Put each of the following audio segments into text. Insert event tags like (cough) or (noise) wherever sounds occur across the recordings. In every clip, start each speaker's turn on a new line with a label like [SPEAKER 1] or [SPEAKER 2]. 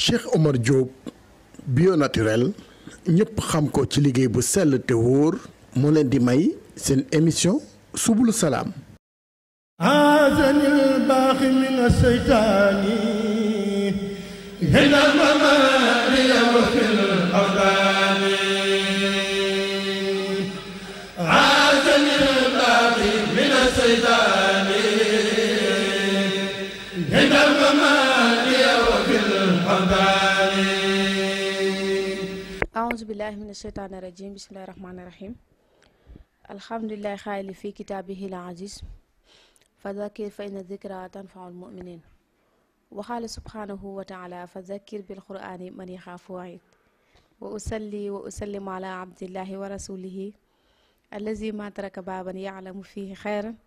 [SPEAKER 1] Cheikh Omar Diop bio naturel ñépp xam ko ci liggéey bu sell te wóor moo leen di may seen émission subulu salaam azanil baaxi min seytaani
[SPEAKER 2] aousubillahi min asheytaani irajim bismillahi rahmaani rahim alhamdulilahi xaayli fi kitaabihi l aziz fa zakir fa inna zikra tanfaul muminin waxaale subhaanahu wa taala fa zakir bil quraani man yaxaafu waid wa usalli wa usallim ala abdillahi wa rasulihi allazi ma taraka baaban yalamu fihi xayran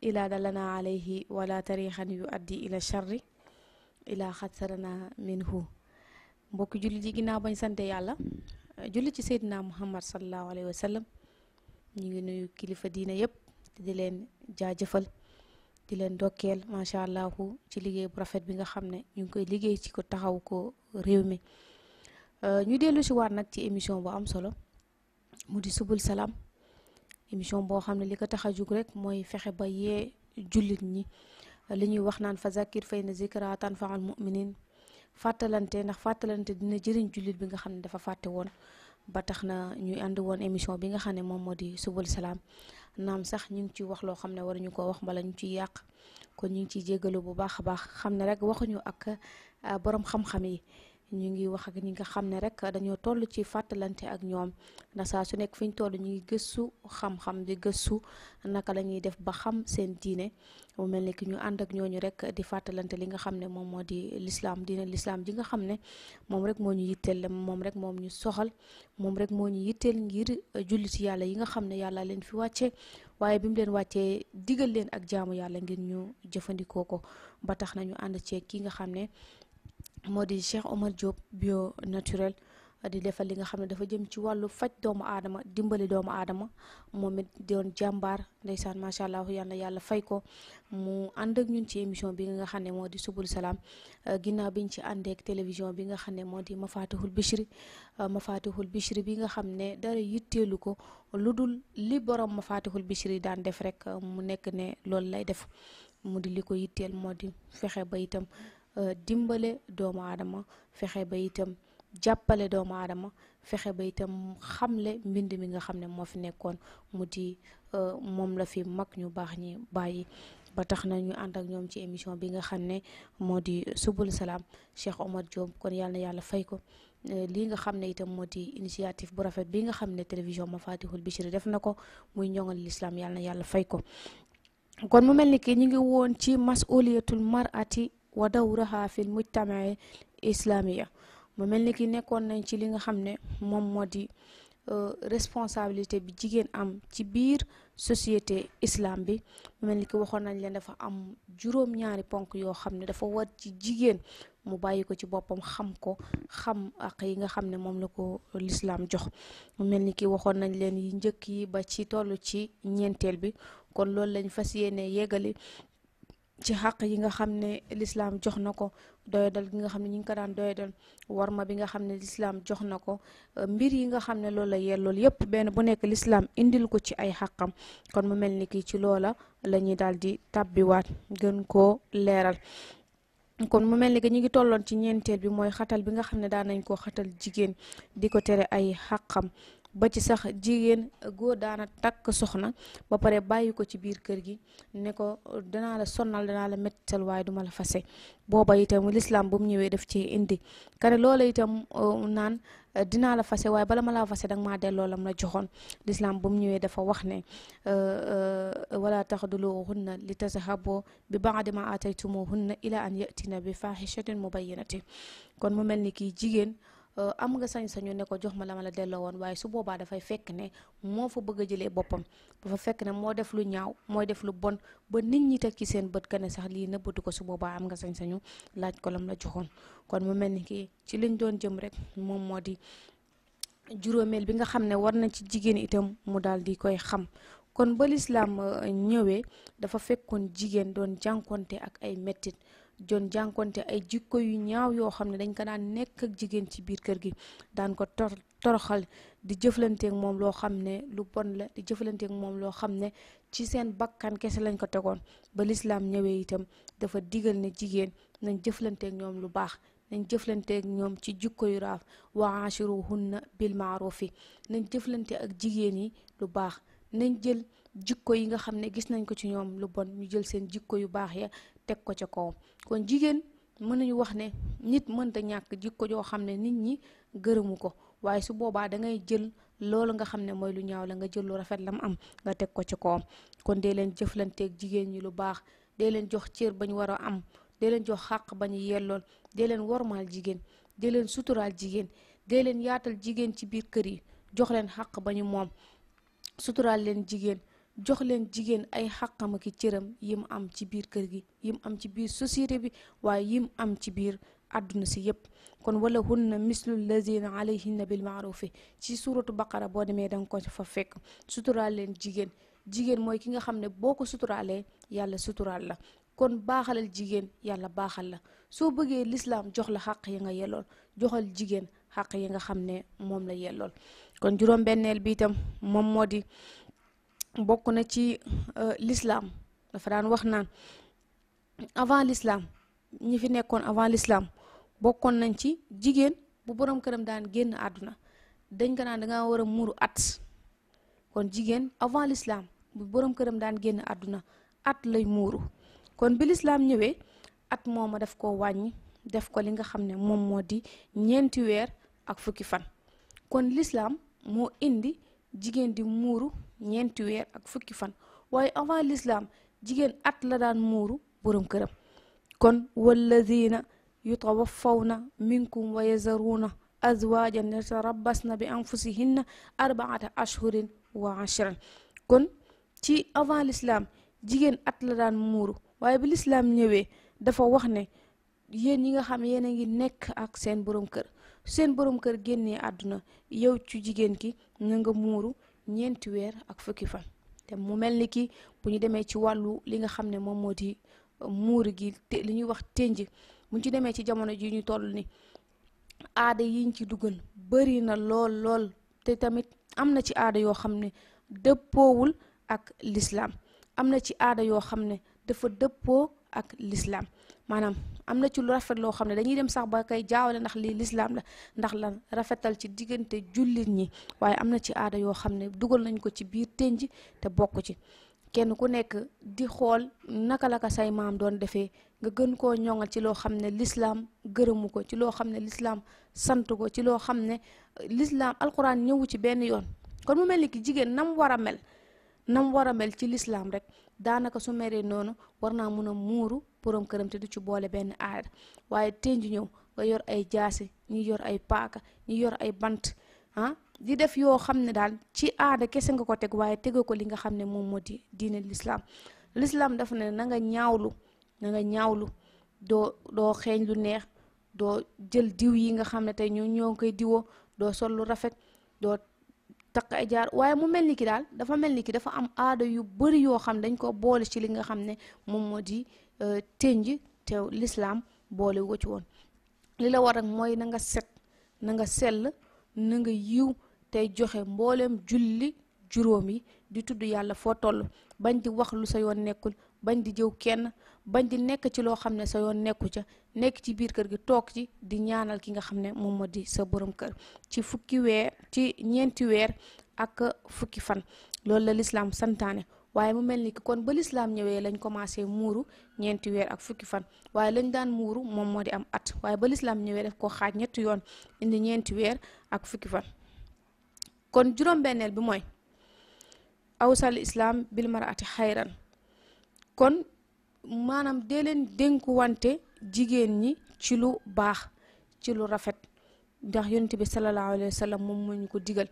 [SPEAKER 2] ilaa dalana alayhi wala tarixan yu addi ila charri ilaa xadsarana minhu mbokki jullit yi ginnaaw bañ sante yàlla julli ci seydina muhammad sallallahu alayhi wa sallam ñu ngi nuyu kilifa diina yëpp di leen jaajëfal di leen dokkeel macha allah ci liggéey bu rafet bi nga xam ne ñu ngi koy liggéey ci ko taxaw ko réew mi euh, ñu dellu si waat nag ci émission bu am solo mu di subul salaam émission boo xam ne li ko tax a jug rek mooy fexe ba yee jullit ñi li ñuy wax naan fa zakir fay na zikra tanfaal muminin fàttalante ndax fàttalante dina jëriñ jullit bi nga xam ne dafa fàtte woon ba tax na ñuy ànd woon émission bi nga xam ne moom moo di subul salaam naam sax ñu ngi ciy wax loo xam ne waruñu ko wax mbala ñu ciy yàq kon ñu ngi ciy jéggalu bu baax a baax xam ne rek waxuñu ak ah, boroom xam-xam yi ñu ngi wax ak ñi nga xam ne rek dañoo toll ci fàttalante ak ñoom ndax saa su nekk fi ñu toll ñu ngi gëstu xam-xam di gëstu naka la ñuy def ba xam seen diine mu mel ni ki ñu ànd ak ñooñu rek di fàttalante li nga xam ne moom moo di lislaam diine lislaam ji nga xam ne moom rek moo ñu yitteel moom rek moom ñu soxal moom rek moo ñu yitteel ngir julliti yàlla yi nga xam ne yàlla leen fi wàcce waaye bi mu leen wàccee digal leen ak jaamu yàlla ngir ñu jëfandikoo ko ba tax nañu ànd ceeg ki nga xam ne moo di Cheikh Omar Diop bio naturel uh, di defal li nga xam ne dafa jëm ci wàllu faj doomu aadama dimbali doomu aadama moom it doon jàmbaar ndeysaan macha allah yal yàlla fay ko mu ànd ak ñun ci émission bi nga xam ne moo di subul salaam uh, ginnaaw biñ ci àndeek télévision bi nga xam ne moo di mafatihul bichri uh, mafatihul bichri bi nga xam ne dara yitteelu ko lu dul li borom mafatihul bichri daan def rek mu nekk ne loolu lay def mu di li ko yitteel moo di fexe ba itam Euh, dimbale doomu aadama fexe ba itam jàppale doomu aadama fexe ba itam xamle mbind mi nga xam ne moo fi nekkoon mu di euh, moom la fi mag ñu baax ñi bàyyi ba tax na ñu ànd ak ñoom ci émission bi nga xam ne moo di subul salaam Cheikh Omar Diop kon yàlla yàlla fay ko euh, lii nga xam ne itam moo di initiative bu rafet bi nga xam ne télévision Mafatihul Bichri def na ko muy ñoŋal lislaam yàlla yàlla fay mu mel ni ki ñu ngi woon ci masuliyatul marati wa dawraha fi islaam islamiya mu mel ni ki nekkoon nañ ci li nga xam ne moom moo di euh, responsabilité bi jigéen am ci biir société islaam bi mu mel ni ki waxoon nañ leen dafa am juróom-ñaari ponk yoo xam ne dafa war ci jigéen mu bàyyi ko ci boppam xam ko xam ak yi nga xam ne moom la ko lislaam jox mu mel ni ki waxoon nañ leen yi njëkk yi ba ci toll ci ñeenteel bi kon loolu lañ fas yéene yeggali ci xaq yi nga xam ne lislaam jox na ko doyadal gi nga xam ne ñu ngi ko daan doyadal warma bi nga xam ne lislaam jox na ko euh, mbir yi nga xam ne loolu la yel loolu yépp benn bu nekk lislaam indil ko ci ay xàqam kon mu mel ni kii ci loola la ñuy daal di tàbbiwaat gën ko leeral kon mu mel ni que ñu ngi tolloon ci ñeenteel bi mooy xatal bi nga xam ne daan nañ koo xatal jigéen di ko tere ay xàqam ba ci sax jigéen góor daana takk soxna ba pare bàyyi ko ci biir kër gi ne ko danaa la sonnal danaa la mettital waaye duma la fase booba itam lislaam bu mu ñëwee def ci indi kare loola itam euh, naan dinaa la fase waaye bala ma laa fase danga maa delloo lam la joxoon lislaam bu mu ñëwee dafa wax ne euh, euh, wala taxduluhunna li tazahaboo bi baadi ma ataytumuhunna ila an yatina bi fahishatin kon mu mel ni kii jigéen Euh, am nga sañ-sañu ne ko jox ma la ma la delloo woon waaye su boobaa dafay fekk ne moo fa bëgg a jëlee boppam fa fekk ne moo def lu ñaaw mooy def lu bon ba nit ñi teg ki seen bët ka ne sax lii nëbbatu ko su boobaa am nga sañ-sañu laaj ko lam la joxoon kon mu mel ni kii ci liñ doon jëm rek moom moo di juróomeel bi nga xam ne war na ci jigéen itam mu daal di koy xam kon ba lislaam euh, ñëwee dafa fekkoon jigéen doon jànkonte ak ay mettit jon jànkonte ay jikko yu ñaaw yoo xam ne dañ ko daan nekk ak jigéen ci biir kër gi daan ko tor toroxal di jëflanteek moom loo xam ne lu bon la di jëflanteek moom loo xam ne ci seen bakkan kese lañ ko tegoon ba lislaam ñëwee itam dafa digal ne jigéen nañ jëflanteek ñoom lu baax nañ jëflanteek ñoom ci jikko yu raaf wa ashiruhunna bil fi nañ jëflante ak jigéen yi lu baax nañ jël jikko yi nga xam ne gis nañ ko ci ñoom lu bon ñu jël seen jikko yu baax ya teg ko ca kaw kon jigéen mën nañu wax ne nit mënta ñàkk jikko joo xam ne nit ñi gërëmu ko waaye su boobaa da ngay jël loolu nga xam ne mooy lu ñaaw la nga jël lu rafet la mu am nga teg ko ci kawam kon dee leen jëflanteeg jigéen ñi lu baax dee leen jox cër ba ñu war a am dee leen jox xàq ba ñu yellool dee leen wormaal jigéen dee leen suturaal jigéen dee leen yaatal jigéen ci biir kër yi jox leen xàq ba ñu moom suturaal leen jigéen jox leen jigéen ay xàqam ak cëram yim am ci biir kër gi yim am ci biir société bi waaye yim am ci biir àdduna si yépp kon wala hunna mislu lazina alayhinna bil maarufi ci suuratu baqara boo demee danga ko fa fekk suturaal leen jigéen jigéen mooy ki nga xam ne boo ko suturaalee yàlla suturaal la kon baaxalal jigéen yàlla baaxal la soo bëggee lislaam jox la xàq yi nga yellool joxal jigéen xàq yi nga xam ne moom la yellool kon juróom benneel bi itam moom moo di bokk na ci euh, lislaam dafa daan wax naan avant lislaam ñi fi nekkoon avant lislaam bokkoon nañ ci jigéen bu borom këram daan génn àdduna dañ ko naan danga war a muuru at kon jigéen avant l'islam bu borom këram daan génn àdduna at lay muuru kon bi l'islam ñëwee at mooma daf ko wàññi def ko li nga xam ne moom moo di ñeenti weer ak fukki fan kon lislaam moo indi jigéen di muuru ñeenti weer ak fukki fan waaye avant l'islam jigéen at la daan muuru borom këram kon walladina yutawaffawna minkum wa yazaruuna azwaajan yatarabbasna bi anfusihinna arbaata ashhurin wa ashran kon ci avant l'islam jigéen at la daan muuru waaye bi l'islam ñëwee dafa wax ne yéen ñi nga xam yéen a nekk ak seen borom kër seen borom kër génnee àdduna yow ci jigéen ki na muuru ñeenti weer ak fukki fan te mu mel ni ki bu ñu demee ci wàllu li nga xam ne moom moo di euh, muuri gi te li ñuy wax ténj bu ñu ci demee ci jamono ji ñu toll ni aada yiñ ci dugal bëri na lool lool te tamit am na ci aada yoo xam ne dëppoowul ak lislaam am na ci aada yoo xam ne dafa dëppoo ak lislaam maanaam am na ci lu rafet loo xam ne dañuy dem sax ba kay jaawale ndax lii lislaam la ndax lan rafetal ci diggante jullit ñi waaye am na ci aada yoo xam ne dugal nañu ko ci biir tenj te bokk ci kenn ku nekk di xool naka la ko say maam doon defee nga gën koo ñoŋal ci loo xam ne lislaam gërëmu ko ci loo xam ne lislaam sant ko ci loo xam ne lislaam alquran ñëwu ci benn yoon kon mu mel ni ki jigéen nam war a mel nam war a mel ci lislaam rek daanaka su meree noonu war naa mun a muuru boroom këram te du ci boole benn aada waaye tenj ñëw nga yor ay jaasi ñi yor ay paaka ñi yor ay bant ah di def yoo xam ne daal ci aada kese nga ko teg waaye tege ko li nga xam ne moom moo di diine lislaam lislaam dafa ne nanga ñaawlu nanga ñaawlu doo doo xeeñ lu neex doo jël diw yi nga xam ne tey ñoo ñoo ngi koy diwoo doo sol lu rafet doo takk ay jaar waaye mu mel ni ki daal dafa mel ni ki dafa am aada yu bëri yoo xam dañ koo boole ci li nga xam ne moom moo di euh, tënj te lislaam boole wu ko ci woon li la war rek mooy nanga set na nga sell na nga yiw tey joxe mbooleem julli juróom yi di tudd yàlla foo toll bañ di wax lu sa yoon nekkul bañ di jëw kenn bañ di nekk ci loo xam ne sa yoon nekku ca nekk ci biir kër gi toog ci di ñaanal ki nga xam ne moom moo di sa boroom kër ci fukki weer ci ñeenti weer ak fukki fan loolu la lislaam santaane waaye mu mel ni ki kon ba ñëwee lañ commencé muuru ñeenti weer ak fukki fan waaye lañ daan muuru moom moo di am at waaye ba lislaam ñëwee def ko xaaj ñetti yoon indi ñeenti weer ak fukki fan kon juróom-benneel bi mooy awsal islaam bil marati xayran kon maanaam dee leen wante jigéen ñi ci lu baax ci lu rafet ndax yonent bi salallaahu alayhi moom moo ñu ko digal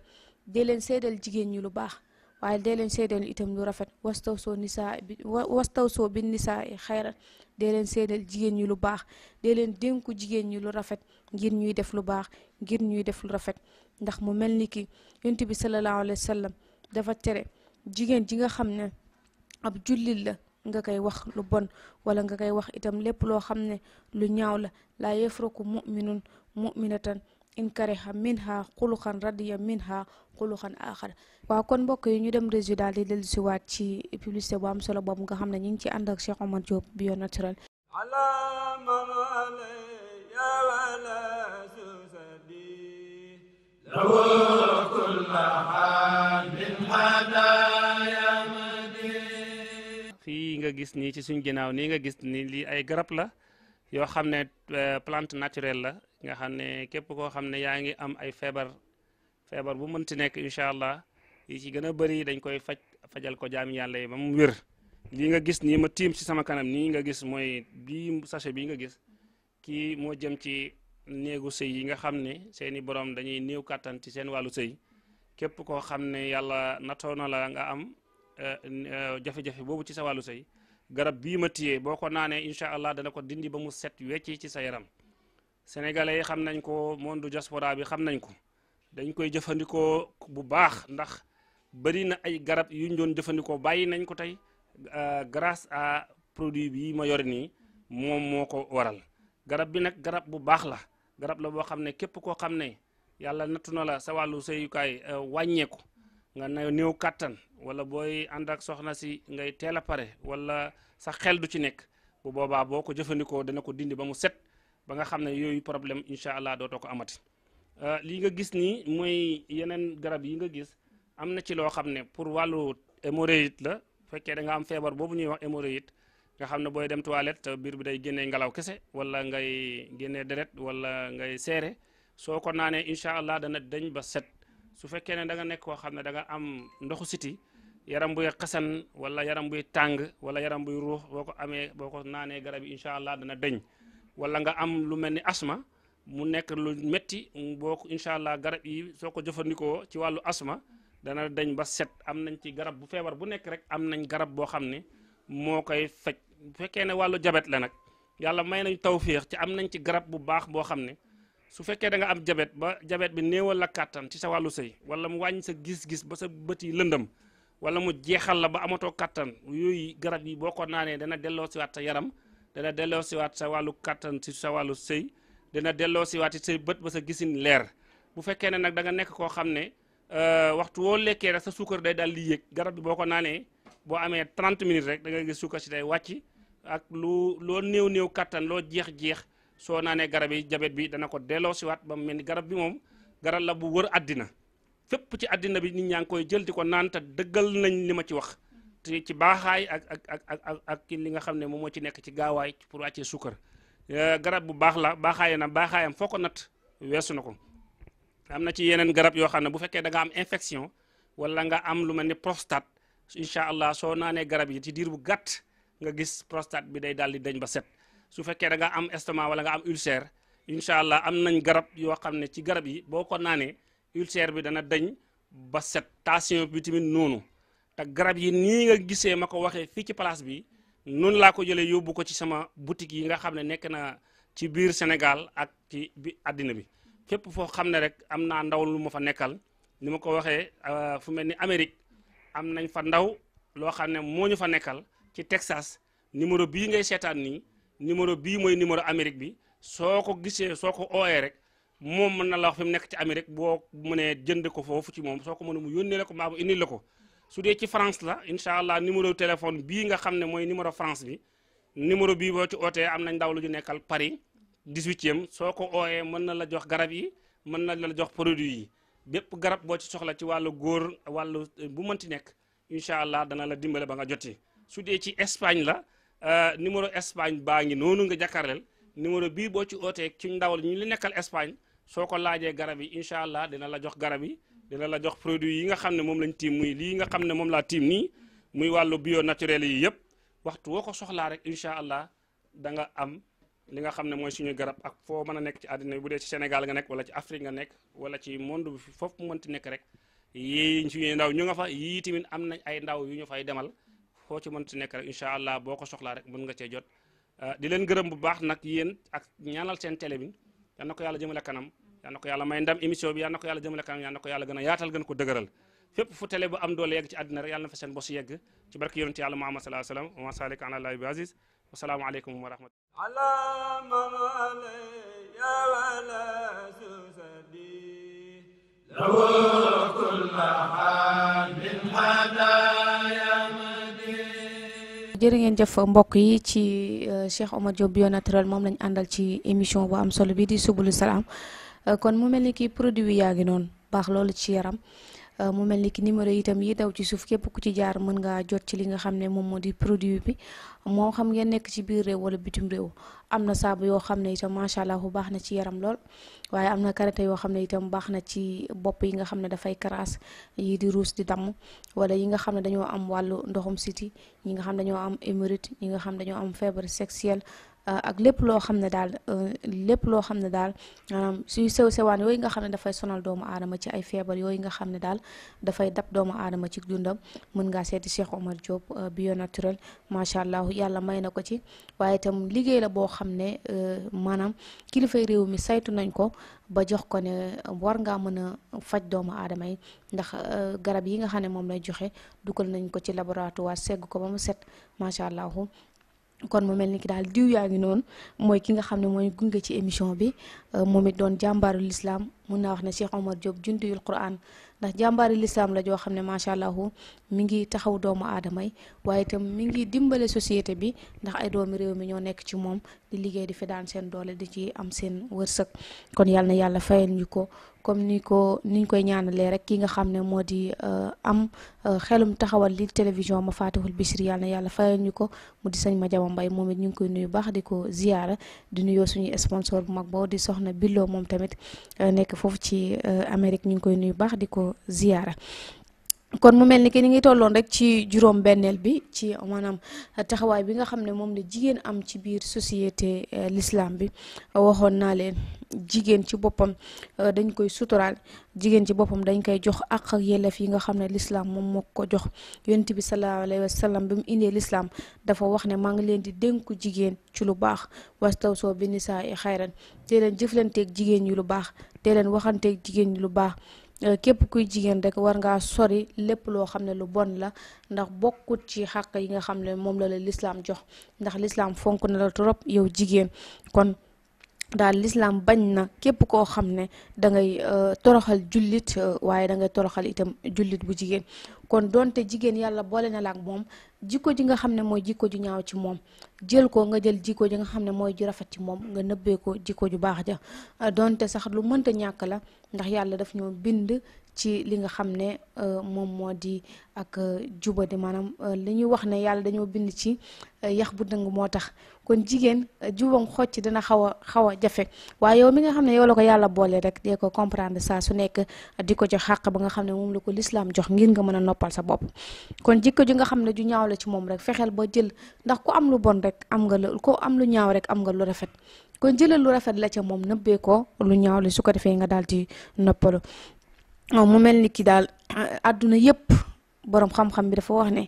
[SPEAKER 2] dee leen seddal jigéen ñi lu baax waaye dee leen seddal itam lu rafet wastaw soo nisaa bi wastaw soo bi nisaa yi xayran dee leen seddal jigéen ñi lu baax dee leen dénku jigéen ñi lu rafet ngir ñuy def lu baax ngir ñuy def lu rafet ndax mu mel ni ki yonent bi salallaahu alayhi wa dafa tere jigéen ji nga xam ne ab jullit la nga koy wax lu bon wala nga koy wax itam lépp loo xam ne lu ñaaw la laa yafraku muminun muminatan in kariha minha xuluxan radiya minha xuluxan axar waaw kon mbokk yi ñu dem résu daal di dellu siwaat ci publicité bu am solo boobu nga xam ne ñu ngi ci ànd ak Cheikh Omar Diop bio naturel
[SPEAKER 1] لو كل حال من حدا nga gis nii ci suñ ginnaaw nii nga gis ni lii ay garab la yoo xam ne euh, plante naturelle la nga xam ne képp koo xam ne yaa ngi am ay feebar feebar bu mën mënti nekk incha allah yi ci gën a bëri dañ koy faj fajal ko jaam yàlla yi ba mu wér lii nga gis nii ma tiim si sama kanam nii nga gis mooy bii sachet bii nga gis kii moo jëm ci néegu sëy yi nga xam ne seeni borom dañuy néew kàttan ci seen wàllu sëy képp koo xam ne yàlla natoo la nga am Euh, euh, jafe-jafe boobu ci sa wàllu sëy garab bii ma téye boo ko naanee incha allah dana ko dindi ba mu set wecc ci sa yaram sénégalais yi xam nañ ko monde diaspora bi xam nañ ko dañ koy jëfandikoo bu baax ndax bëri na ay garab yu ñu doon jëfandikoo bàyyi nañ ko tey euh, grâce à produit bii ma yore nii moom moo ko waral garab bi nag garab bu baax la garab la boo xam ne képp koo xam ne yàlla nattu na la sa wàllu sëyukaay wàññeeku nga néew kàttan wala booy ànd ak soxna si ngay teel a pare wala sax xel du ci nekk bu boobaa boo ko jëfandikoo dana ko dindi ba mu set ba nga xam ne yooyu problème incha allah dootoo ko amati euh, lii nga gis nii mooy yeneen garab yi nga gis am na ci loo xam ne pour wàllu hémorroïde la fekkee da am feebar boobu ñuy wax hémorroïde nga xam ne booy dem toilette biir bi day génnee ngelaw kese wala ngay génnee deret wala ngay seere soo ko naanee incha allah dana dañ ba set su fekkee ne da nga nekk koo xam ne da nga am ndoxu siti yaram buy xasan wala yaram buy tàng wala yaram buy ruux boo ko amee boo ko naanee garab yi incha allah dana deñ wala nga am lu mel ni asma mu nekk lu metti boo ko incha allah garab yi soo ko jëfandikoo ci wàllu asma dana deñ ba set am nañ ci garab bu feebar bu nekk rek am nañ garab boo xam ne moo koy faj bu fekkee ne wàllu jabet la nag yàlla may nañ tawféex ci am nañ ci garab bu baax boo xam ne su fekkee da nga am jabet ba jabet bi néewal la kàttan ci sa wàllu sëy wala mu wàññi sa gis-gis ba sa bët yi lëndëm wala mu jeexal la ba amatoo kattan yooyu garab yi boo ko naanee dana delloo siwaat sa yaram dana delloo siwaat sa wàllu kattan si sa wàllu sëy dana delloo siwaat si say bët ba sa gisin leer bu fekkee ne nag da nga nekk koo xam ne euh, waxtu woo lekkee rek sa suukar day daal di yéeg garab bi boo ko naanee boo amee 30 minutes rek da nga gis suukar si day wàcc ak lu loo néew néew kattan loo jeex-jeex soo naanee garab yi jabet bi dana ko delloo siwaat ba mu mel ni garab bi moom garab la bu wër àddina fépp ci àddina bi nit ñaa ngi koy jël di ko naan te dëggal nañ li ma ci wax te ci baaxaay ak ak ak ak li nga xam ne moom moo ci nekk ci gaawaay pour wàccee suukar euh, garab bu baax la baaxaay na baaxaayam foo ko nat weesu na ko am na ci yeneen garab yoo xam ne bu fekkee da nga am infection wala nga am lu mel ni prostate incha allah soo naanee garab yi ci diir bu gàtt nga gis prostate bi day daal di dañ ba set su fekkee da am estomac wala nga am ulcère incha allah am nañ garab yoo xam ne ci garab yi boo ko naanee ulcère bi dana dañ ba set bi tamit noonu te garab yi nii nga gisee ma ko waxee fii ci place bi noonu laa ko jëlee yóbbu ko ci sama boutique yi nga xam ne nekk naa ci biir Sénégal ak ci bi àddina bi fépp foo xam ne rek am naa ndaw lu ma fa nekkal ni ma ko waxee euh, fu mel ni Amérique am nañ fa ndaw loo xam ne moo ñu fa nekkal ci Texas numéro bii ngay seetaan nii numéro bii mooy numéro Amérique bi soo ko gisee soo ko ooyee rek moom mën na la wax fi mu nekk ci Amérique boo mënee jënd ko foofu ci moom soo ko mënee mu yónnee la ko mbaa mu indil la ko su dee ci France la incha allah numéro téléphone bii nga xam ne mooy numéro France bi numéro bii boo ci ootee am nañ ndaw lu ñu nekkal Paris 18e soo ko ooyee mën na la jox garab yi mën na la jox produit yi bépp garab boo ci soxla ci wàllu góor wàllu euh, bu mënti nekk incha allah dana la dimbale ba nga joti su dee ci Espagne la euh, numéro Espagne baa ngi noonu nga jàkkaarleel numéro bii boo ci ootee ci ndawal ñu li nekkal Espagne soo ko laajee garab yi incha allah dina la jox garab yi dina la jox produit yi nga xam ne moom lañ tiim muy lii nga xam ne moom laa tiim nii muy wàllu bio naturel yi yëpp waxtu woo ko soxlaa rek allah da nga am li nga xam ne mooy suñu garab ak foo mën a nekk ci àddina bu dee ci Sénégal nga nekk wala ci Afrique nga nekk wala ci monde bi foofu mu mënti nekk rek yii ndaw ñu nga fa yii tamit am nañ ay ndaw yu ñu fay demal foo ci mënti nekk rek incha allah boo ko soxlaa rek mën nga cee jot Euh, di leen gërëm bu baax nag yéen ak ñaanal seen télé bi yal na ko yàlla jëmale kanam yal ko yàlla may ndam émission bi yal na ko yàlla jëmale kanam a yaatal gën ko dëgëral fépp fu télé bu am doole yegg ci àddina rek yàlla na yegg ci barke yonente yàlla Muhammad sallallahu alayhi wa sallam wa ma salik ala allahi aziz wa salaamu aleykum
[SPEAKER 2] jërë ngeen jëf mbokk yi ci euh, Cheikh Omar Diop bio naturel moom lañ àndal ci émission bu am solo bi di subulu salaam euh, kon mu mel ni kii produit yaa ngi noonu baax loolu ci yaram Euh, mu mel ni ki numéro itam yi daw ci suuf képp ku ci jaar mën ngaa jot ci li nga xam ne moom moo di produit bi moo xam ngeen nekk ci biir réew wala bitim réew am na saabu yoo xam ne itam macha allah bu baax na ci yaram lool waaye am na karité yoo xam ne itam baax na ci bopp yi nga xam ne dafay karas yi di ruus di damm wala yi nga xam ne dañoo am wàllu ndoxum siti ñi nga xam dañoo am émérite ñi nga xam dañoo am feebar sexuelle Euh, ak lépp loo xam ne daal euh, lépp loo xam ne daal maanaam euh, suy sew sewaan yooyu nga xam ne dafay sonal doomu aadama ci ay feebar yooyu nga xam ne daal dafay dab doomu aadama ci dundam mën ngaa seeti Cheikh Omar Diop bio naturel macha allah yàlla may na ko ci waaye liggéey la boo xam ne maanaam kilifay réew mi saytu nañ ko ba jox ko ne war ngaa mën a faj doomu aadama yi ndax garab yi nga xam ne moom lay joxe dugal nañ ko ci laboratoire segg ko ba mu set macha allah kon mu mel ni ki daal diw yaa ngi noonu mooy ki nga xam ne mooy gunge ci émission bi euh, moom it doon jàmbaaru lislaam mun naa wax ne Cheikh Omar Diop jundiyul Quran ndax jàmbaari lislaam la joo xam ne macha allah mi ngi taxaw doomu aadama yi waaye tam mi ngi dimbale société bi ndax ay doomi réew mi ñoo nekk ci moom di liggéey di fi daan seen doole di ci am seen wërsëg kon yàlla na yàlla fayal ñu ko comme ni ko niñ koy ñaanalee rek ki nga xam ne moo di euh, am euh, xelum taxawal li télévision ma faatihul Bichri yàlla yàlla fayal ñu ko mu di sëñ ma jama mbay moom it ñu ngi koy nuyu baax di ko ziyaara di nuyoo suñu sponsor bu mag boo di soxna billoo moom tamit euh, nekk foofu ci Amérique ñu ngi koy nuyu baax di ko ziyaara kon mu mel ni que ni ngi tolloon rek ci juróom benneel bi ci maanaam taxawaay bi nga xam ne moom la jigéen am ci biir société euh, lislaam bi waxoon naa leen jigéen ci boppam euh, dañ koy suturaal jigéen ci boppam dañ koy jox ak ak yelleef yi nga xam ne lislaam moom moo ko jox yonent bi sallallahu alayhi wa bi mu indee lislaam dafa wax ne maa ngi leen di dénku jigéen ci lu baax wastaw soo bi saa i xayran te leen jëflanteeg jigéen ñi lu baax te leen waxanteeg jigéen ñi lu baax Euh, képp kuy jigéen rek war ngaa sori lépp loo xam ne lu bon la ndax bokkut ci xàq yi nga xam ne moom la la lislaam jox ndax lislaam fonk na la trop yow jigéen kon daal l'islam bañ na képp koo xam ne da ngay euh, toroxal jullit euh, waaye da ngay toroxal itam jullit bu jigéen kon donte jigéen yàlla boole na la ak moom jikko ji nga xam ne mooy jikko ju ñaaw ci moom jël ko nga jël jikko ji nga xam ne mooy ju rafet ci moom nga nëbbee ko jikko ju baax ja donte sax lu mënta ñàkk la ndax yàlla daf ñoo bind ci li nga xam ne euh, moom moo di ak euh, jubadi maanaam euh, li ñuy wax ne yàlla dañoo bind ci yax bu dëng moo tax kon jigéen jubam xocc dina xaw a xaw a jafe waaye yow mi nga xam ne yow la ko yàlla boole rek dee ko comprendre saa su nekk di ko jox xàq ba nga xam ne moom lu ko lislaam jox ngir nga mën a noppal sa bopp kon jikko ju nga xam ne ju ñaaw la ci moom rek fexeel ba jël ndax ku am lu bon rek am nga lu ko am lu ñaaw rek am nga lu rafet kon jëlal lu rafet la ca moom nëbbee ko lu ñaaw li su ko defee nga daal di noppalu mu mel ni ki daal adduna yépp borom xam-xam bi dafa wax ne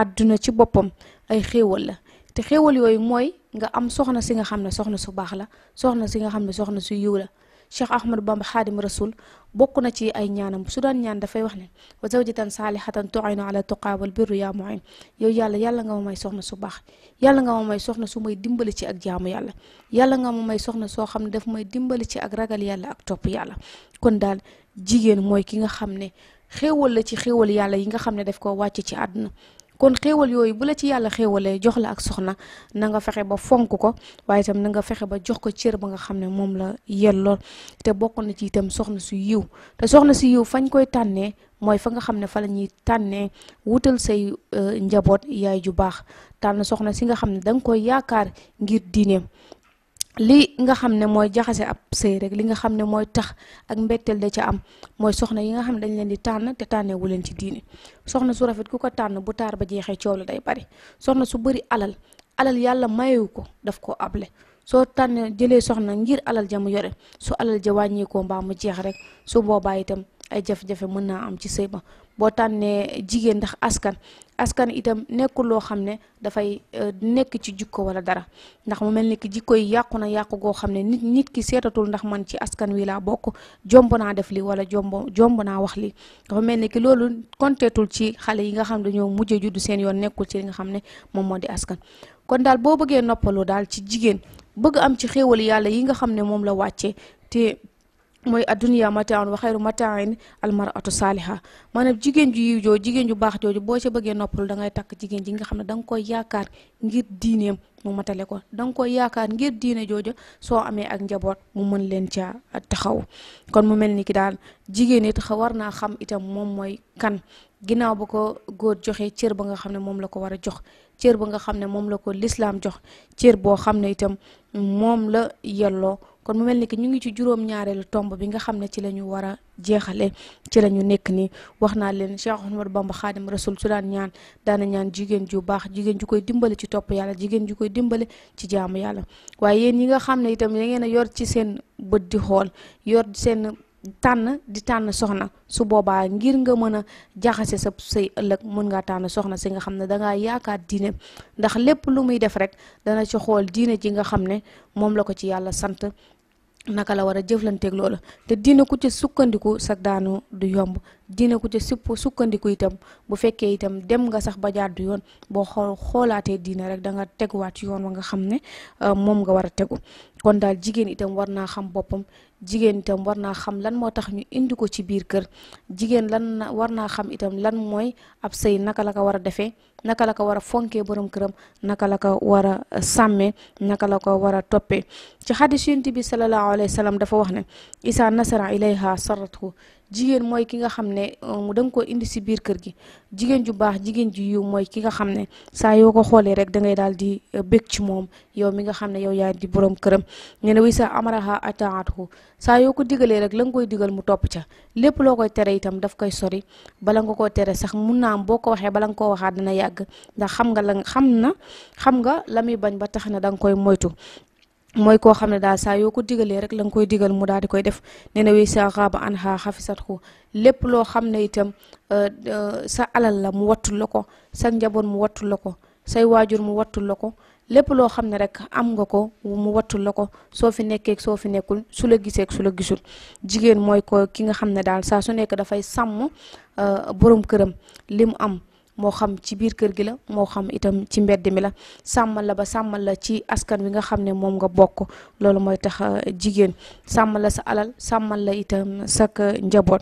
[SPEAKER 2] adduna ci boppam ay xéwal la te xéwal yooyu mooy nga am soxna si nga xam ne soxna su baax la soxna si nga xam ne soxna su yiw la cheikh ahmadou bamba xaadim rasul bokk na ci ay ñaanam su daan ñaan dafay wax ne wa zawjatan saalihatan tu'inu ala tuqaa wal birru yaa mu'in yow yàlla yàlla nga ma may soxna su baax yàlla nga ma may soxna su may dimbali ci ak jaamu yàlla yàlla nga ma may soxna soo xam ne daf may dimbali ci ak ragal yàlla ak topp yàlla kon daal jigéen mooy ki nga xam ne xéewal la ci xéewal yàlla yi nga xam ne daf ko wàcc ci àdduna kon xéewal yooyu bu la ci yàlla xéewalee jox la ak soxna na nga fexe ba fonk ko waaye itam na nga fexe ba jox ko cër ba nga xam ne moom la yellool te bokk na ci itam soxna su yiw te soxna su yiw fañ koy tànnee mooy fa nga xam ne fa la ñuy tànnee wutal say euh, njaboot yaay ju baax tànn soxna si nga xam ne da nga koy yaakaar ngir diineem li nga xam ne mooy jaxase ab sëy rek li nga xam ne mooy tax ak mbetteel da ca am mooy soxna yi nga xam ne dañ leen di tànn te tànneewu leen ci diine soxna su rafet ku ko tànn bu taar ba jeexee coow la day bari soxna su bëri alal alal yàlla mayewu ko daf ko able soo tànn jëlee soxna ngir alal ja mu yore su alal ja wàññeekoo mbaa mu jeex rek su boobaa itam ay jafe-jafe mën naa am ci sëy ba boo tànnee jigéen ndax askan askan itam nekkul loo xam ne dafay euh, nekk ci jikko wala dara ndax mu mel ni ki jikko yi yàqu na yàqu goo xam ne nit nit ki seetatul ndax man ci askan wi laa bokk jomb naa def lii wala jomb jomb naa wax li dafa mel ni ki loolu konteetul ci xale yi nga xam dañoo mujj juddu seen yoon nekkul ci li nga xam ne moom moo di askan kon daal boo bëggee noppaloo daal ci jigéen bëgg am ci xéewal yàlla yi nga xam ne moom la wàccee te mooy adduniya mataan wa xayru mataan al maratu saaliha maanaam jigéen ju yiw jooju jigéen ju baax jooju boo ci bëggee noppalu da ngay takk jigéen ji nga xam ne danga nga koy yaakaar ngir diineem mu matale ko da koy yaakaar ngir diine jooju soo amee ak njaboot mu mën leen caa taxaw kon mu mel ni ki daal jigéen it war naa xam itam moom mooy kan ginnaaw ba ko góor joxe cër ba nga xam ne moom la ko war a jox cër ba nga xam ne moom la ko lislaam jox cër boo xam ne itam moom la yelloo kon mu mel ni que ñu ngi ci juróom-ñaareelu tomb bi nga xam ne ci la ñu war a jeexale ci la ñu nekk nii wax naa leen Cheikh Ahmadou Bamba Xaadim Rasul su daan ñaan daana ñaan jigéen ju baax jigéen ju koy dimbale ci topp yàlla jigéen ju koy dimbale ci jaamu yàlla waaye yéen ñi nga xam ne itam da ngeen a yor ci seen bët di xool yor seen tànn di tànn soxna su boobaa ngir nga mën a jaxase sa say ëllëg mën ngaa tànn soxna si nga xam ne dangaa yaakaar diine ndax lépp lu muy def rek dana ci xool diine ji nga xam ne moom la ko ci yàlla sant naka la war a jëflanteeg loola te dina ku ca sukkandiku sa daanu du yomb dina ku ca sipp sukkandiku itam bu fekkee itam dem nga sax ba jaar du yoon boo xool xoolaatee diina rek da nga teguwaat yoon wa nga xam ne euh, moom nga war a tegu kon daal jigéen itam war naa xam boppam jigéen itam war naa xam lan moo tax ñu indi ko ci biir kër jigéen lan war naa xam itam lan mooy ab sëy naka la ko war a defee naka la ko war a fonkee borom këram naka la ko war a sàmmee naka la ko war a toppee ci xadis yonent bi sallallahu alayhi sallam dafa wax ne isaa nasara ilayha sarathu jigéen mooy ki nga xam ne euh, da nga ko indi si biir kër gi jigéen ju baax jigéen ju yiw mooy ki nga xam ne saa yoo ko xoolee rek da ngay daal di euh, bég ci moom yow mi nga xam ne yow yaa di borom këram ne ne wi sa amaraha ataathu saa yoo ko digalee rek la nga koy digal mu topp ca lépp loo koy tere itam daf koy sori bala nga koo tere sax mun naa am boo ko waxee bala nga koo waxaat dana yàgg ndax xam nga la xam na xam nga lami bañ ba tax na danga koy moytu mooy koo xam ne daal saa yoo ko digalee rek la koy digal mu daal di koy def nee na wéy sa xaaba an xaa xafisat xu lépp loo xam ne itam euh, euh, sa alal la mu wattu la ko sa njaboot mu wattu la ko say waajur mu wattul la ko lépp loo xam ne rek am nga ko mu wattul la ko soo fi nekkeek soo fi nekkul su la giseek su la gisul jigéen mooy ko ki nga xam ne daal saa su nekk dafay sàmm euh, borom këram li mu am moo xam ci biir kër gi la moo xam itam ci mbedd mi la sàmmala ba sàmmal la ci askan wi nga xam ne moom nga bokk loolu mooy tax euh, jigéen sàmmala sa alal sàmmal la itam sak njaboot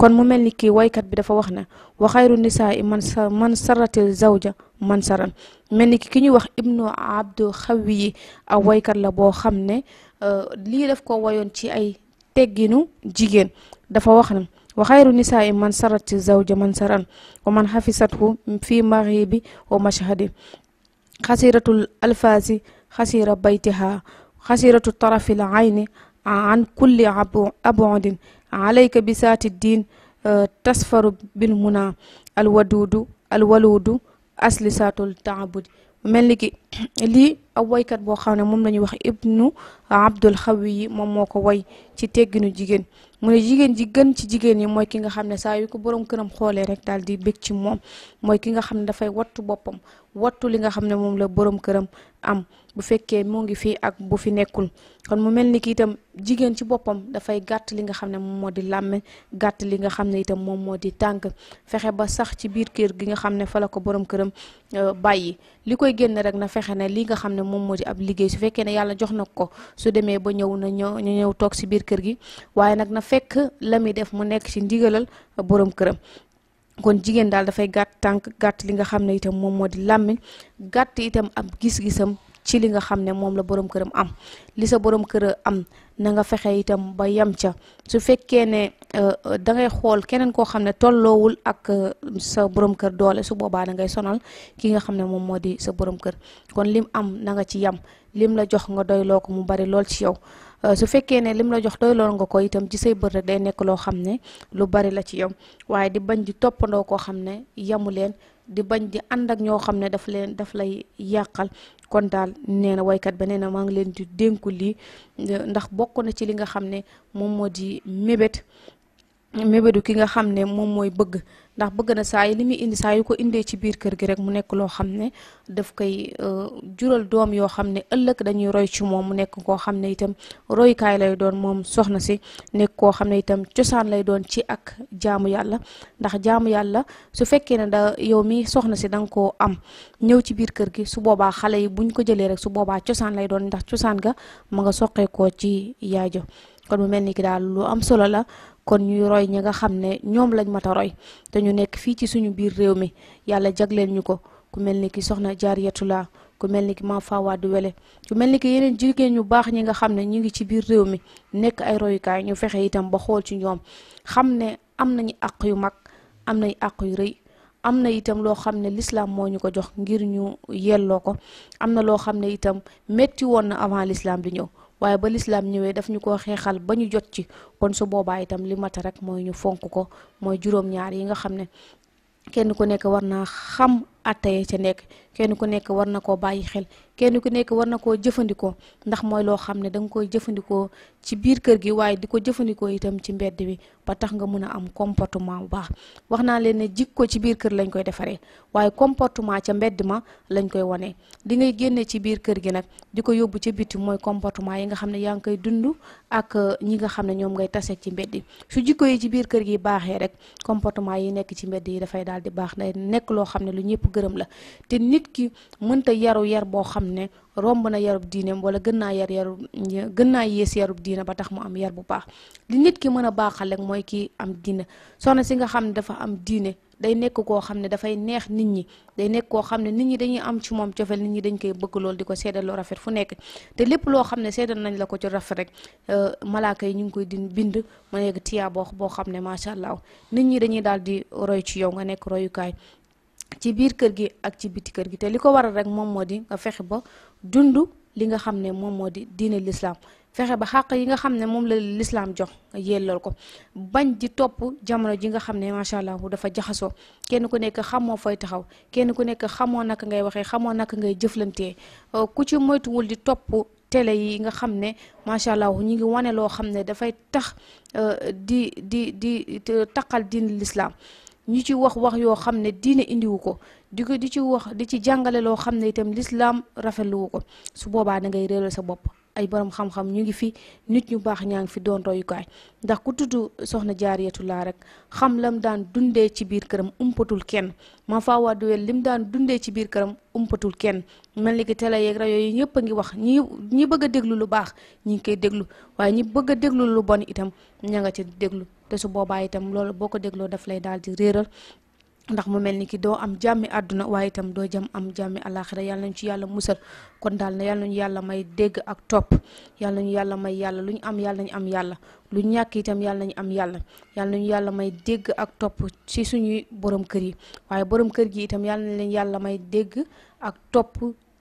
[SPEAKER 2] kon mu mel ni kii woykat bi dafa wax ne wa xayru nisaa man sa man saratil zawja man saran mel ni ki ki ñuy wax ibnu abdu xawi yi aw waykat la boo xam ne euh, li def ko woyoon ci ay tegginu jigéen dafa wax ne wa xayru nisaai man sarati zawja man saran wa man xafisathu fi maxibi wa mashhadi xasiratul alfaasi xasira baytiha xasiratu tarafil ayni an kulli abondin alayka bi saati diin uh, tasfaru bil muna alwadudu alwaludu aslisatul taabudi mel ni ki (clears throat) lii ab woykat boo xam ne moom la ñuy wax ibnu abdul xawi yi moom moo ko woy ci tegginu jigéen mu ne jigéen ji gën ci jigéen ñi mooy ki nga xam ne saa yu ko borom këram xoolee rek daal di bëgg ci moom mooy ki nga xam ne dafay wattu boppam wattu li nga xam ne moom la borom këram am bu fekkee mu ngi fii ak bu fi nekkul kon mu mel ni kii itam jigéen ci boppam dafay gàtt li nga xam ne moom moo di làmme gàtt li nga xam ne itam moom moo di tànk fexe ba sax ci biir kër gi nga xam ne fa la ko borom këram euh, bàyyi li koy génn rek na fexe ne li nga xam ne moom moo di ab liggéey su fekkee ne yàlla jox nag ko su demee ba ñëw na ñëw ñu ñëw toog si biir kër gi waaye nag na fekk la muy def mu nekk ci ndigalal borom këram kon jigéen daal dafay gàtt tànk gàtt li nga xam ne itam moom moo di làmmi gàtt itam am gis-gisam ci li nga xam ne moom la borom këram am li sa borom kër am na nga fexe itam ba yam ca su fekkee ne euh, euh, da ngay xool keneen koo xam ne tolloowul ak euh, sa borom kër doole su boobaa da ngay sonal ki nga xam ne moom moo di sa borom kër kon lim am na nga ci yam lim la jox nga doyloo ko mu bari lool ci yow. Euh, su fekkee ne lim la jox doy lool nga ko itam ci say bët rek day nekk loo xam ne lu bari la ci yow waaye di bañ di toppandoo koo xam ne yamu leen di bañ di ànd ak ñoo xam ne daf leen daf lay yàqal kon daal neena na waykat ba nee maa ngi leen di dénku lii euh, ndax bokk na ci li nga xam ne moom moo di mébét mébétu ki nga xam ne moom mooy bëgg ndax bëgg na saa yi li muy indi saa yu ko indee ci biir kër gi rek mu nekk loo xam ne daf koy euh, jural doom yoo xam ne ëllëg dañuy roy ci moom mu nekk koo xam ne itam roykaay lay doon moom soxna si nekk koo xam ne itam cosaan lay doon ci ak jaamu yàlla ndax jaamu yàlla su fekkee ne da yow mi soxna si da nga am ñëw ci biir kër gi su boobaa xale yi buñ ko jëlee rek su boobaa cosaan lay doon ndax cosaan ga mu nga soqee koo ci yaajo kon mu mel ni ki daal lu am solo la kon ñuy roy ñi nga xam ne ñoom lañ mat a roy te ñu nekk fii ci suñu biir réew mi yàlla jagleel ñu ko ku mel ni ki soxna Jaariyatullah ku mel ni ki Maam Fawade Wele ku mel ni ki yeneen jigéen ñu baax ñi nga xam ne ñu ngi ci biir réew mi nekk ay royukaay ñu fexe itam ba xool ci ñoom xam ne am nañu àq yu mag am nañu àq yu rëy am na itam loo xam ne l'islam moo ñu ko jox ngir ñu yelloo ko am na loo xam ne itam métti woon na avant l'islam di ñëw waaye ba lislaam ñëwee daf ñu ko xeexal ba ñu jot ci kon su boobaa itam li mata rek mooy ñu fonk ko mooy juróom-ñaar yi nga xam ne kenn ku nekk war naa xam attaye ca nekk kenn ku nekk war na koo bàyyi xel kenn ku nekk war na koo jëfandikoo ndax mooy loo xam ne da nga koy jëfandikoo ci biir kër gi waaye di ko jëfandikoo itam ci mbedd bi ba tax nga mun a am comportement bu baax wax naa leen ne jikko ci biir kër lañ koy defaree waaye comportement ca mbedd ma lañ koy wane li ngay génne ci biir kër gi nag di ko yóbbu ca biti mooy comportement yi nga xam ne yaa ngi koy dund ak eh, ñi nga xam ne ñoom ngay taseeg ci mbedd yi su jikko yi ci biir kër gi baaxee rek comportement yi nekk ci mbedd yi dafay daal di baax day nekk loo xam ne lu ñëpp gërëm la nit ki mënta yaru yar boo xam ne romb na yarub diineem wala gën naa yar yarub gën naa yées yarub diine ba tax mu am yar bu baax li nit ki mën a baaxal rek mooy kii am diine soxna si nga xam ne dafa am diine day nekk koo xam ne dafay neex nit ñi day nekk koo xam ne nit ñi dañuy am ci moom cofeel nit ñi dañ koy bëgg lool di ko seedal lu rafet fu nekk te lépp loo xam ne seddal nañ la ko ci rafet rek euh, malaaka yi ñu ngi koy di bind mu nekk tiyaa boo boo xam ne macha allah nit ñi dañuy daal di roy ci yow nga nekk royukaay ci biir kër gi ak ci biti kër gi te li ko waral rek moom moo di nga fexe ba dund li nga xam ne moom moo di diine lislaam fexe ba xàq yi nga xam ne moom la lislaam jox nga yellal ko bañ di topp jamono ji nga xam ne macha allah dafa jaxasoo kenn ku nekk xamoo fooy taxaw kenn ku nekk xamoo naka ngay waxee xamoo naka ngay jëflantee euh, ku ci moytuwul di topp télé yi nga xam ne macha allah ñu ngi wane loo xam ne dafay tax euh, di di di taqal diine lislaam ñu ci wax wax yoo xam ne diine indiwu ko di ko di ci wax di ci jàngale loo xam ne itam lislaam rafetluwu ko su boobaa da ngay réeral sa bopp ay borom xam-xam ñu ngi fi nit ñu baax ñaa ngi fi doon royukaay ndax ku tudd soxna laa rek xam lam daan dundee ci biir këram umpatul kenn ma faawa duwel lim daan dundee ci biir këram umpatul kenn mel ni ki télé yeeg rajo yi ñëpp a ngi wax ñi ñi bëgg a déglu lu baax ñi ngi koy déglu waaye ñi bëgg a déglu lu bon itam ña nga ca déglu te su boobaa itam loolu boo ko dégloo daf lay daal di réeral ndax mu mel ni ki doo am jàmmi àdduna waaye itam doo jëm am jàmmi àllaaxira yàlla nañ ci yàlla musal kon daal na yàlla nañu yàlla may dégg ak topp yàlla nañu yàlla may yàlla lu ñu am yàlla nañu am yàlla lu ñàkk itam yàlla nañu am yàlla yàlla nañu yàlla may dégg ak topp ci suñuy borom kër yi waaye borom kër gi itam yàlla na leen yàlla may dégg ak topp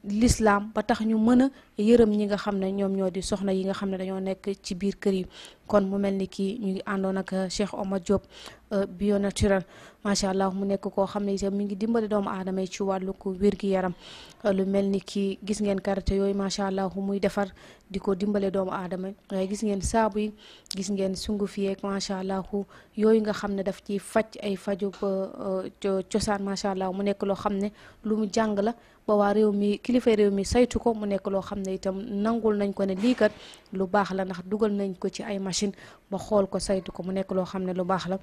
[SPEAKER 2] lislaam ba tax ñu mën yërëm ñi nga xam ne ñoom ñoo di soxna yi nga xam ne dañoo nekk ci biir kër yi kon mu mel ni kii ñu ngi àndoon ak euh, Cheikh Omar Diop euh, bio naturel macha allah mu nekk koo xam ne mi ngi dimbali doomu aadama ci wàllu wér gi yaram euh, lu mel ni kii gis ngeen karité yooyu macha allah muy defar di ko dimbale doomu aadama gis ngeen saabu yi gis ngeen sunguf yeeg macha allah yooyu nga xam ne daf ci faj ay faju cosaan macha allah mu nekk loo xam ne lu mu jàng la ba waa mi kilifa réew mi saytu ko mu nekk loo xam ne itam nangul nañ ko ne liikat lu baax la ndax dugal nañ ko ci ay machine ba xool ko saytu ko mu nekk loo xam ne lu baax la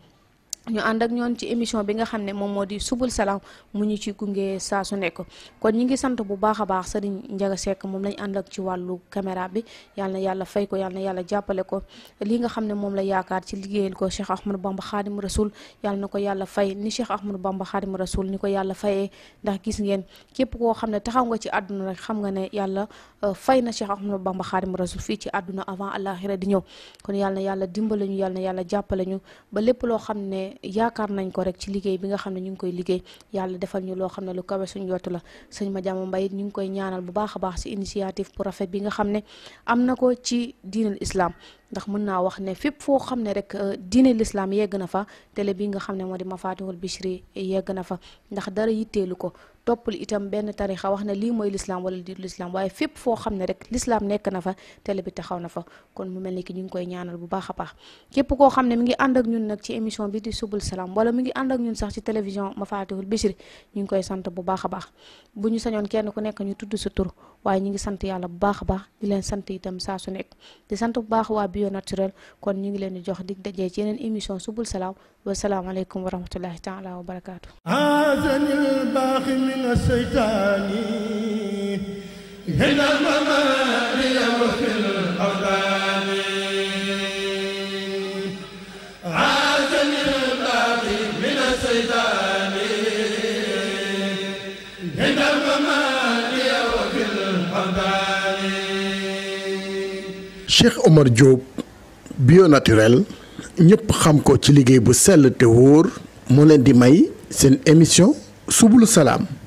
[SPEAKER 2] ñu ànd ak ñoon ci émission bi nga xam ne moom moo di subul salaam mu ñu ci gunge saa su nekk kon ñi ngi sant bu baax a baax sëriñ Njaga sekk moom lañ ànd ak ci wàllu caméra bi yal na yàlla fay ko yal na yàlla jàppale ko li nga xam ne moom la yaakaar ci liggéeyal ko Cheikh Ahmadou Bamba Khadim Rasoul yal na ko yàlla fay ni Cheikh Ahmadou Bamba Khadim Rasoul ni ko yàlla fayee ndax gis ngeen képp koo xam ne taxaw nga ci àdduna rek xam nga ne yàlla euh, fay na Cheikh Ahmadou Bamba Khadim Rasoul fii ci àdduna avant àlaxira di ñëw kon yal na yàlla dimbale ñu yal na yàlla jàppale ñu ba lépp loo xam ne yaakaar nañ ko rek ci liggéey bi nga xam ne ñu ngi koy liggéey yàlla defal ñu loo xam ne lu kawe suñ jotu la ma Madiama mbayit ñu ngi koy ñaanal bu baax baax si initiative bu rafet bi nga xam ne am na ko ci diinal islaam ndax mun naa wax ne fépp foo xam ne rek euh, diine l'islam yegg na fa tele bi nga xam ne moo di ma Mafatihul Bichri yegg na fa ndax dara yitteelu ko toppul itam benn tarixa wax na lii mooy lislaam wala di lislaam waaye fépp foo xam ne rek lislaam nekk na fa tele bi taxaw na fa kon mu mel ni ki ñu ngi koy ñaanal bu baax a baax képp koo xam ne mi ngi ànd ñun nag ci émission bi di subul salaam wala mi ngi ànd ñun sax ci télévision Mafatihul Bichri ñu ngi koy sant bu baax a baax bu ñu sañoon kenn ku nekk ñu tudd sa tur waaye ñu ngi sant yàlla bu baax a baax di leen sant itam saa su nekk di sant bu baax waa bio naturel kon ñu ngi leen di jox dig dajee ci yeneen émission subul salaam wasalaamaaleykum wa rahmatullahi taala wa barakaatu
[SPEAKER 1] azanil baaxi min aseytaani hinal mamariya wa fil awdaani
[SPEAKER 2] azanil baaxi min aseytaani
[SPEAKER 1] hinal mamariya wa fil awdaani Cheikh Omar Diop bio naturel ñëpp xam ko ci liggéey bu sell te wóor moo leen di may seen émission subulu salaam